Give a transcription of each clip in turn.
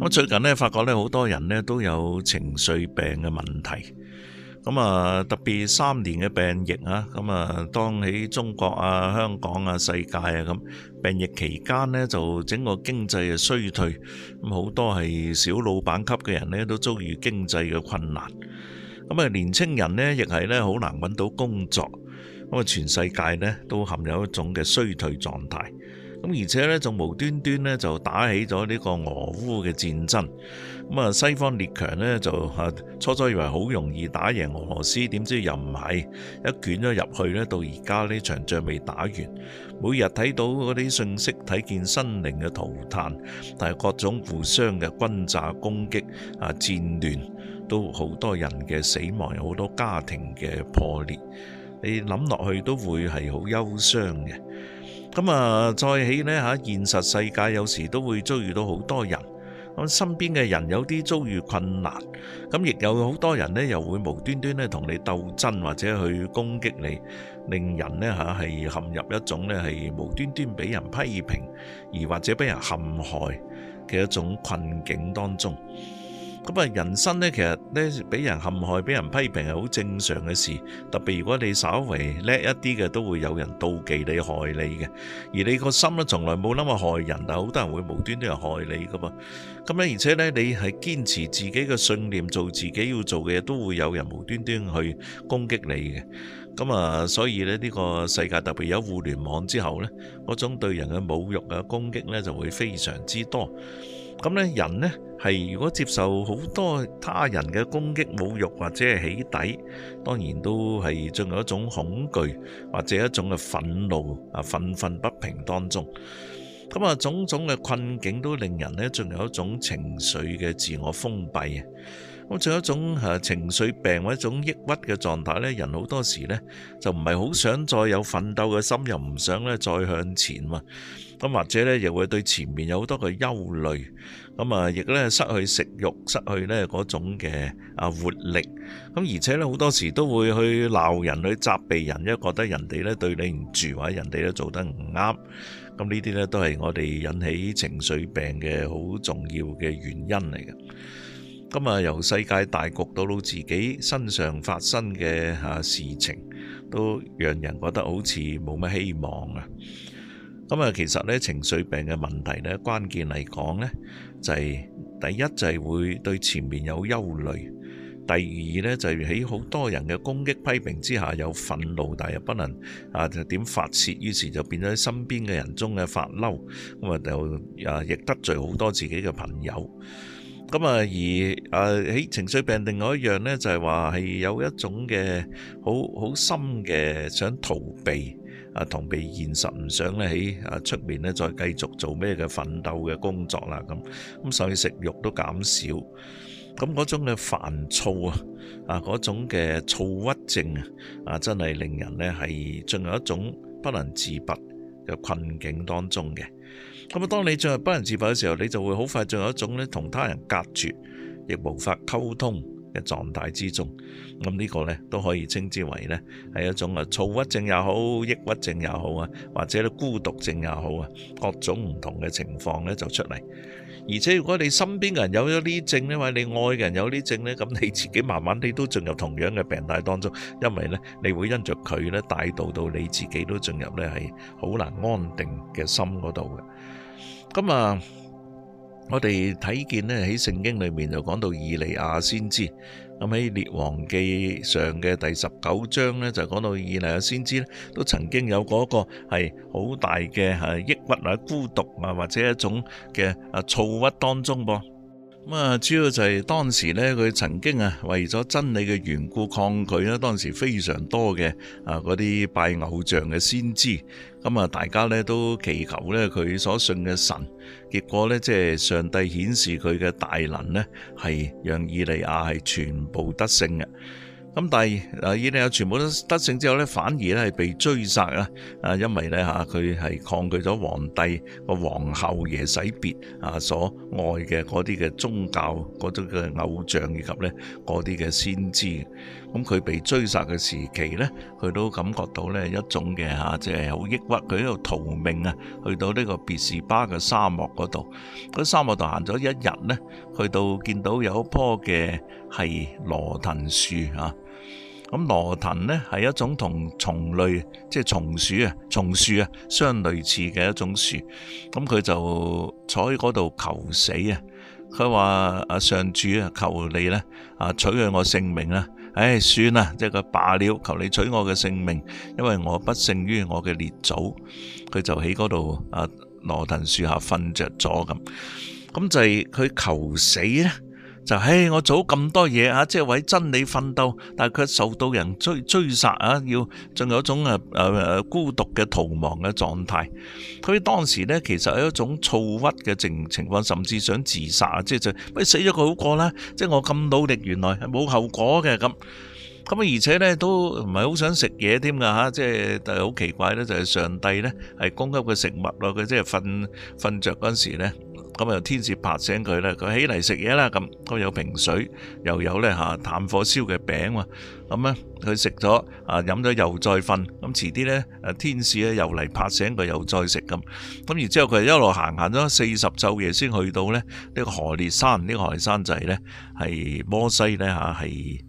咁最近咧，發覺咧，好多人咧都有情緒病嘅問題。咁啊，特別三年嘅病疫啊，咁啊，當喺中國啊、香港啊、世界啊咁病疫期間咧，就整個經濟啊衰退，咁好多係小老闆級嘅人咧，都遭遇經濟嘅困難。咁啊，年青人咧，亦係咧好難揾到工作。咁啊，全世界咧都陷入一種嘅衰退狀態。咁而且咧，仲無端端咧就打起咗呢個俄烏嘅戰爭。咁啊，西方列強咧就啊，初初以為好容易打贏俄羅斯，點知又唔係，一捲咗入去咧，到而家呢場仗未打完，每日睇到嗰啲信息，睇見生靈嘅塗炭，但係各種互相嘅轟炸攻擊啊戰亂，都好多人嘅死亡，有好多家庭嘅破裂，你諗落去都會係好憂傷嘅。咁啊，再起呢吓，現實世界有時都會遭遇到好多人，咁身邊嘅人有啲遭遇困難，咁亦有好多人呢，又會無端端咧同你鬥爭或者去攻擊你，令人呢吓係陷入一種呢，係無端端俾人批評而或者俾人陷害嘅一種困境當中。咁啊，人生呢，其實咧，俾人陷害、俾人批評係好正常嘅事。特別如果你稍微叻一啲嘅，都會有人妒忌你、害你嘅。而你個心呢，從來冇諗過害人，但好多人會無端端害你噶嘛。咁咧，而且呢，你係堅持自己嘅信念，做自己要做嘅嘢，都會有人無端端去攻擊你嘅。咁啊，所以呢，呢個世界特別有互聯網之後呢，嗰種對人嘅侮辱啊、攻擊呢，就會非常之多。咁咧，人呢，係如果接受好多他人嘅攻擊、侮辱或者係起底，當然都係進入一種恐懼或者一種嘅憤怒啊、憤憤不平當中。咁啊，種種嘅困境都令人呢進入一種情緒嘅自我封閉啊。咁仲有一種誒情緒病或者一種抑鬱嘅狀態呢，人好多時呢，就唔係好想再有奮鬥嘅心，又唔想呢再向前嘛。咁或者咧，又會對前面有好多嘅憂慮，咁啊，亦咧失去食慾，失去咧嗰種嘅啊活力，咁而且咧好多時都會去鬧人，去責備人，因為覺得人哋咧對你唔住，或者人哋咧做得唔啱，咁呢啲咧都係我哋引起情緒病嘅好重要嘅原因嚟嘅。咁啊，由世界大局到到自己身上發生嘅嚇事情，都讓人覺得好似冇乜希望啊！咁啊，其實咧情緒病嘅問題咧，關鍵嚟講咧就係第一就係會對前面有憂慮，第二咧就係喺好多人嘅攻擊批評之下有憤怒，但又不能啊就點發泄，於是就變咗喺身邊嘅人中嘅發嬲，咁啊就啊亦得罪好多自己嘅朋友。咁啊而啊喺情緒病另外一樣咧就係話係有一種嘅好好深嘅想逃避。啊，同被現實唔想咧喺啊出面咧再繼續做咩嘅奮鬥嘅工作啦咁，咁所以食慾都減少，咁嗰種嘅煩躁啊，啊嗰種嘅躁鬱症啊，啊真係令人呢係進入一種不能自拔嘅困境當中嘅。咁啊，當你進入不能自拔嘅時候，你就會好快進入一種咧同他人隔絕，亦無法溝通狀態之中，咁呢個呢都可以稱之為呢，係一種啊躁鬱症又好，抑鬱症又好啊，或者咧孤獨症又好啊，各種唔同嘅情況呢就出嚟。而且如果你身邊嘅人有咗呢症咧，或者你愛嘅人有呢症呢，咁你自己慢慢地都進入同樣嘅病態當中，因為呢，你會因着佢呢，帶導到你自己都進入呢，係好難安定嘅心嗰度嘅。咁啊。我哋睇見呢，喺聖經裏面就講到以利亞先知，咁喺列王記上嘅第十九章呢，就講到以利亞先知呢都曾經有嗰個係好大嘅抑鬱或者孤獨啊或者一種嘅啊躁鬱當中。咁啊，主要就係當時咧，佢曾經啊為咗真理嘅緣故抗拒啦。當時非常多嘅啊嗰啲拜偶像嘅先知，咁啊大家咧都祈求咧佢所信嘅神，結果咧即係上帝顯示佢嘅大能咧，係讓以利亞係全部得勝嘅。咁第二，啊，以利亞全部都得勝之後咧，反而咧係被追殺啊！啊，因為呢，吓，佢係抗拒咗皇帝個皇后耶洗別啊所愛嘅嗰啲嘅宗教嗰種嘅偶像以及呢嗰啲嘅先知。咁佢被追殺嘅時期呢，佢都感覺到呢一種嘅嚇，即係好抑鬱。佢喺度逃命啊，去到呢個別是巴嘅沙漠嗰度。佢喺、那個、沙漠度行咗一日呢，去到見到有一棵嘅係羅騰樹啊。咁、啊、羅騰呢係一種同松類，即係松樹啊，松樹啊相類似嘅一種樹。咁、啊、佢就坐喺嗰度求死啊！佢話：阿上主啊，求你呢，啊，取佢我性命啦！唉、哎，算啦，即係佢罷了，求你取我嘅性命，因為我不勝於我嘅列祖。佢就喺嗰度啊羅藤樹下瞓着咗咁，咁就係佢求死咧。就嘿，我做咗咁多嘢啊，即係為真理奮鬥，但係佢受到人追追殺啊，要仲有種啊啊啊孤獨嘅逃亡嘅狀態。佢當時咧，其實係一種躁鬱嘅情情況，甚至想自殺啊，即係就喂死咗佢好過啦。即係我咁努力，原來係冇後果嘅咁。咁啊，而且咧都唔係好想食嘢添噶吓，即係但係好奇怪咧，就係上帝咧係供給佢食物咯。佢即係瞓瞓着嗰時咧。咁啊，天使拍醒佢啦，佢起嚟食嘢啦，咁都有瓶水，又有咧吓炭火燒嘅餅，咁咧佢食咗，啊飲咗又再瞓，咁遲啲咧，誒天使咧又嚟拍醒佢，又再食咁，咁然之後佢一路行行咗四十晝夜先去到咧，呢個何烈山。呢個何烈山仔咧係摩西咧吓係。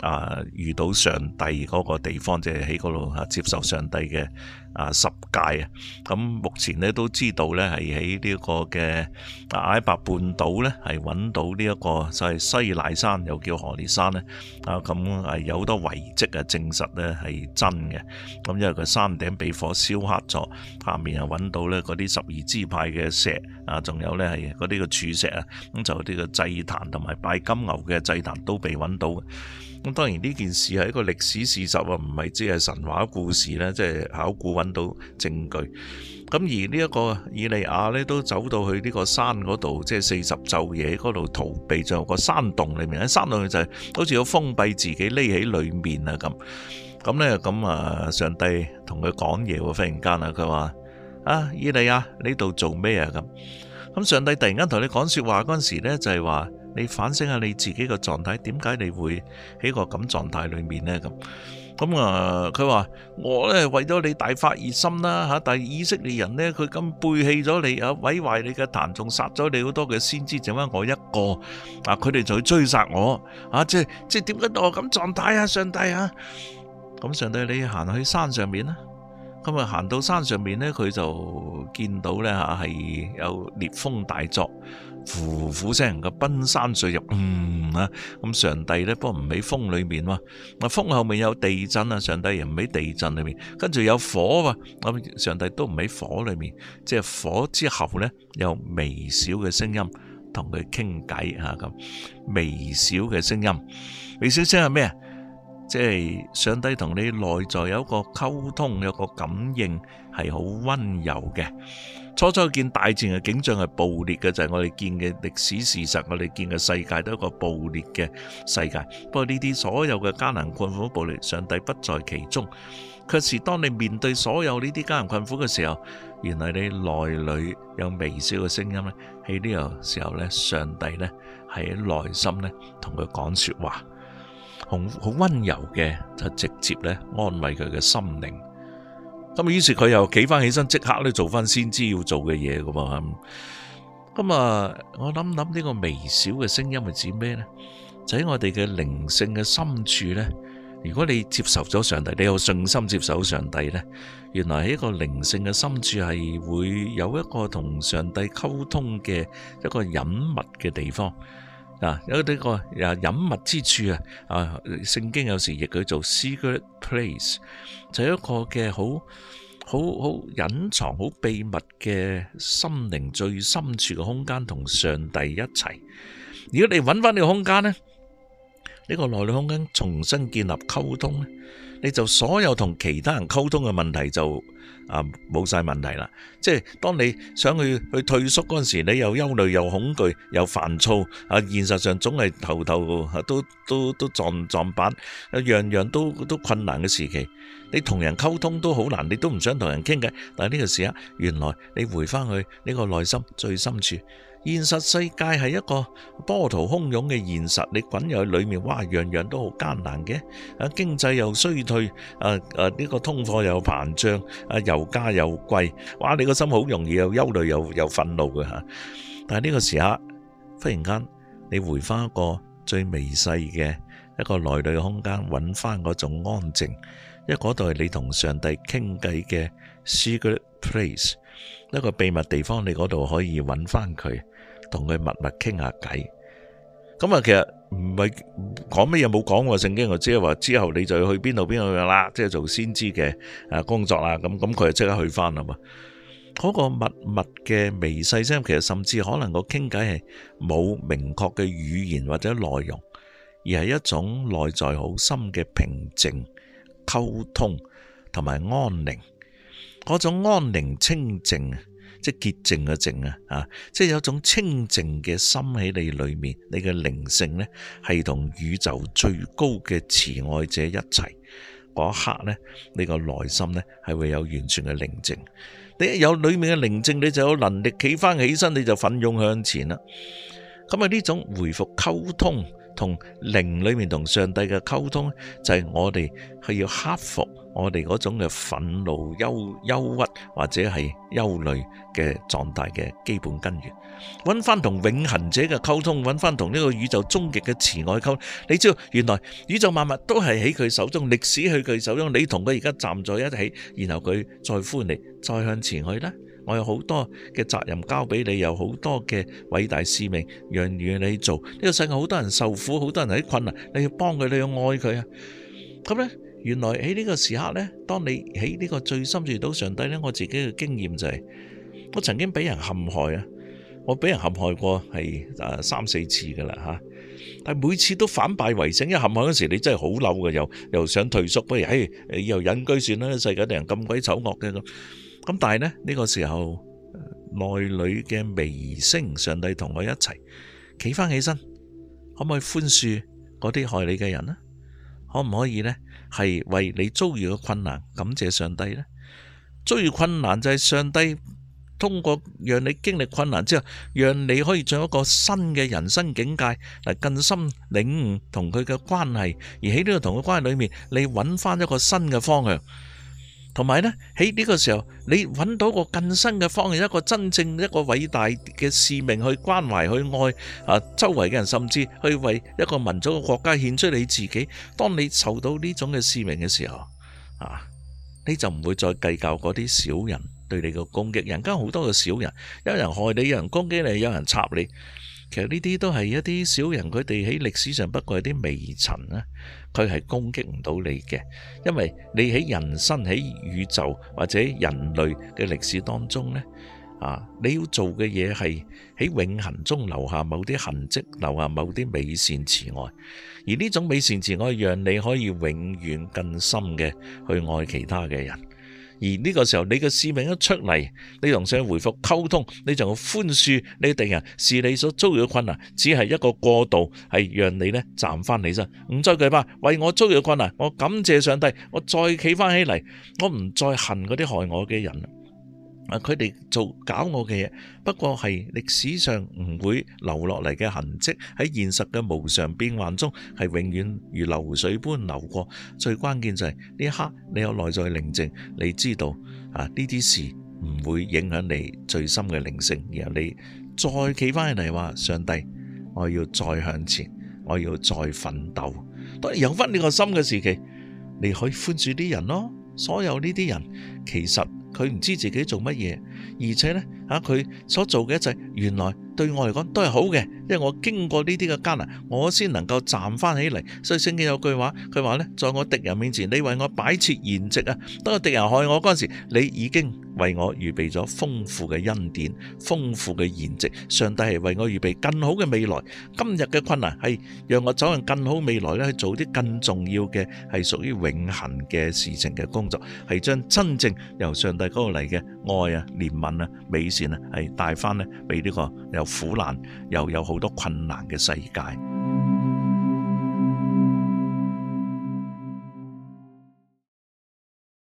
啊！遇到上帝嗰個地方，即係喺嗰度啊，接受上帝嘅啊十戒啊。咁目前咧都知道呢，係喺呢一個嘅阿拉伯半島呢，係揾到呢、這、一個就係、是、西奈山，又叫何烈山呢啊，咁、嗯、係有好多遺跡啊，證實呢係真嘅。咁因為佢山頂被火燒黑咗，下面啊揾到呢嗰啲十二支派嘅石啊，仲有呢係嗰啲嘅柱石啊，咁就呢個祭壇同埋拜金牛嘅祭壇都被揾到。咁當然呢件事係一個歷史事實啊，唔係只係神話故事咧，即係考古揾到證據。咁而呢一個以利亞咧都走到去呢個山嗰度，即係四十晝夜嗰度逃避，進入個山洞裏面。喺山洞裏就係好似要封閉自己，匿喺裏面啊咁。咁咧咁啊，上帝同佢講嘢喎，忽然間啊，佢話：啊，以利亞呢度做咩啊？咁咁上帝突然間同你講説話嗰陣時咧，就係話。你反省下你自己個狀態，點解你會喺個咁狀態裏面咧？咁咁啊，佢話我咧為咗你大發熱心啦吓，但以色列人咧佢咁背棄咗你啊，毀壞你嘅壇，仲殺咗你好多嘅先知，剩翻我一個啊，佢哋就去追殺我啊，即即點解到我咁狀態啊？上帝啊，咁上帝你行去山上面啦。咁啊，行到山上面咧，佢就見到咧吓，係有烈風大作，呼呼聲人個奔山水入，嗯啊，咁上帝咧，不過唔喺風裏面哇，啊風後面有地震啊，上帝又唔喺地震裏面，跟住有火哇，咁上帝都唔喺火裏面，即係火之後咧，有微小嘅聲音同佢傾偈吓咁，微小嘅聲音，微小聲係咩啊？即係上帝同你內在有一個溝通，有一個感應，係好溫柔嘅。初初見大戰嘅景象係暴烈嘅，就係、是、我哋見嘅歷史事實，我哋見嘅世界都係一個暴烈嘅世界。不過呢啲所有嘅艱難困苦、暴烈，上帝不在其中。卻是當你面對所有呢啲艱難困苦嘅時候，原來你內裏有微小嘅聲音呢。喺呢個時候呢，上帝呢係喺內心呢同佢講說話。好好溫柔嘅，就直接咧安慰佢嘅心靈。咁啊，於是佢又企翻起身，即刻咧做翻先知要做嘅嘢噶噃。咁啊，我諗諗呢個微小嘅聲音係指咩咧？就喺我哋嘅靈性嘅深處咧。如果你接受咗上帝，你有信心接受上帝咧，原來喺一個靈性嘅深處係會有一個同上帝溝通嘅一個隱密嘅地方。啊，有呢個又隱密之處啊！啊，聖經有時譯佢做 secret place，就一個嘅好好好隱藏、好秘密嘅心靈最深處嘅空間，同上帝一齊。如果你揾翻你個空間咧，呢、呢個內裏空間重新建立溝通咧。你就所有同其他人溝通嘅問題就啊冇晒問題啦，即係當你想去去退縮嗰陣時，你又憂慮又恐懼又煩躁，啊現實上總係頭頭都都,都撞撞板，啊樣樣都都困難嘅時期，你同人溝通都好難，你都唔想同人傾偈，但係呢個時候原來你回返去呢個內心最深處。現實世界係一個波濤洶湧嘅現實，你滾入去裏面，哇，樣樣都好艱難嘅。啊，經濟又衰退，啊啊呢個通貨又膨脹，啊油價又貴，哇！你個心好容易又憂慮又又憤怒嘅吓，啊。但係呢個時刻，忽然間你回返一個最微細嘅一個內裡空間，揾翻嗰種安靜，因為嗰度係你同上帝傾偈嘅 secret place。一個秘密地方，你嗰度可以揾翻佢，同佢密密傾下偈。咁啊，其實唔係講乜嘢，冇講過聖經，我只係話之後你就要去邊度邊度啦，即係做先知嘅啊工作啦。咁咁佢就即刻去翻啦嘛。嗰個密密嘅微細聲，其實甚至可能個傾偈係冇明確嘅語言或者內容，而係一種內在好深嘅平靜溝通同埋安寧。嗰種安寧清靜，即係潔淨嘅淨啊，即係有種清靜嘅心喺你裏面，你嘅靈性咧係同宇宙最高嘅慈愛者一齊，嗰一刻呢，你個內心咧係會有完全嘅寧靜。你一有裏面嘅寧靜，你就有能力企翻起身，你就奮勇向前啦。咁啊呢種回復溝通。同靈裏面同上帝嘅溝通，就係、是、我哋係要克服我哋嗰種嘅憤怒憂、憂憂鬱或者係憂慮嘅狀態嘅基本根源，揾翻同永恆者嘅溝通，揾翻同呢個宇宙終極嘅慈愛溝通。你知道原來宇宙萬物都係喺佢手中，歷史喺佢手中，你同佢而家站在一起，然後佢再歡你，再向前去啦。我有好多嘅責任交俾你，有好多嘅偉大使命讓予你做。呢個世界好多人受苦，好多人喺困難，你要幫佢，你要愛佢啊！咁咧，原來喺呢個時刻咧，當你喺呢個最深處遇到上帝咧，我自己嘅經驗就係，我曾經俾人陷害啊，我俾人陷害過係誒三四次噶啦吓，但係每次都反敗為勝。一陷害嗰時，你真係好嬲嘅，又又想退縮，不如唉，又隱居算啦。世界啲人咁鬼醜惡嘅咁。咁但係呢，呢、呢個時候內裏嘅微聲，上帝同我一齊企翻起身，可唔可以寬恕嗰啲害你嘅人咧？可唔可以呢？係為你遭遇嘅困難感謝上帝咧？遭遇困難就係上帝通過讓你經歷困難之後，讓你可以進一個新嘅人生境界，嚟更深領悟同佢嘅關係，而喺呢個同佢關係裏面，你揾翻一個新嘅方向。同埋呢，喺呢個時候，你揾到個更深嘅方向，一個真正一個偉大嘅使命去關懷、去愛啊周圍嘅人，甚至去為一個民族、嘅國家獻出你自己。當你受到呢種嘅使命嘅時候，啊，你就唔會再計較嗰啲小人對你嘅攻擊。人家好多嘅小人，有人害你，有人攻擊你，有人插你。其實呢啲都係一啲小人，佢哋喺歷史上不過係啲微塵啦。佢係攻擊唔到你嘅，因為你喺人生、喺宇宙或者人類嘅歷史當中咧，啊，你要做嘅嘢係喺永恆中留下某啲痕跡，留下某啲美善慈愛。而呢種美善慈愛，讓你可以永遠更深嘅去愛其他嘅人。而呢個時候，你嘅使命一出嚟，你同上帝回復溝通你就要寬恕你嘅敵人。是你所遭遇嘅困難，只係一個過渡，係讓你咧站翻起身。唔再懼怕，為我遭遇嘅困難，我感謝上帝，我再企翻起嚟，我唔再恨嗰啲害我嘅人。啊！佢哋做搞我嘅嘢，不過係歷史上唔會留落嚟嘅痕跡，喺現實嘅無常變幻中，係永遠如流水般流過。最關鍵就係呢一刻，你有內在寧靜，你知道啊呢啲事唔會影響你最深嘅靈性。然後你再企翻起嚟話：上帝，我要再向前，我要再奮鬥。當然有翻呢個心嘅時期，你可以寬恕啲人咯。所有呢啲人其實。佢唔知自己做乜嘢。而且呢，啊佢所做嘅一切，原來對我嚟講都係好嘅，因為我經過呢啲嘅艱難，我先能夠站翻起嚟。所以聖經有句話，佢話呢：「在我敵人面前，你為我擺設筵席啊！當我敵人害我嗰陣時，你已經為我預備咗豐富嘅恩典、豐富嘅筵席，上帝係為我預備更好嘅未來。今日嘅困難係讓我走向更好未來咧，去做啲更重要嘅、係屬於永恆嘅事情嘅工作，係將真正由上帝嗰度嚟嘅。」愛啊、憐憫啊、美善啊，係帶翻咧俾呢個又苦難又有好多困難嘅世界。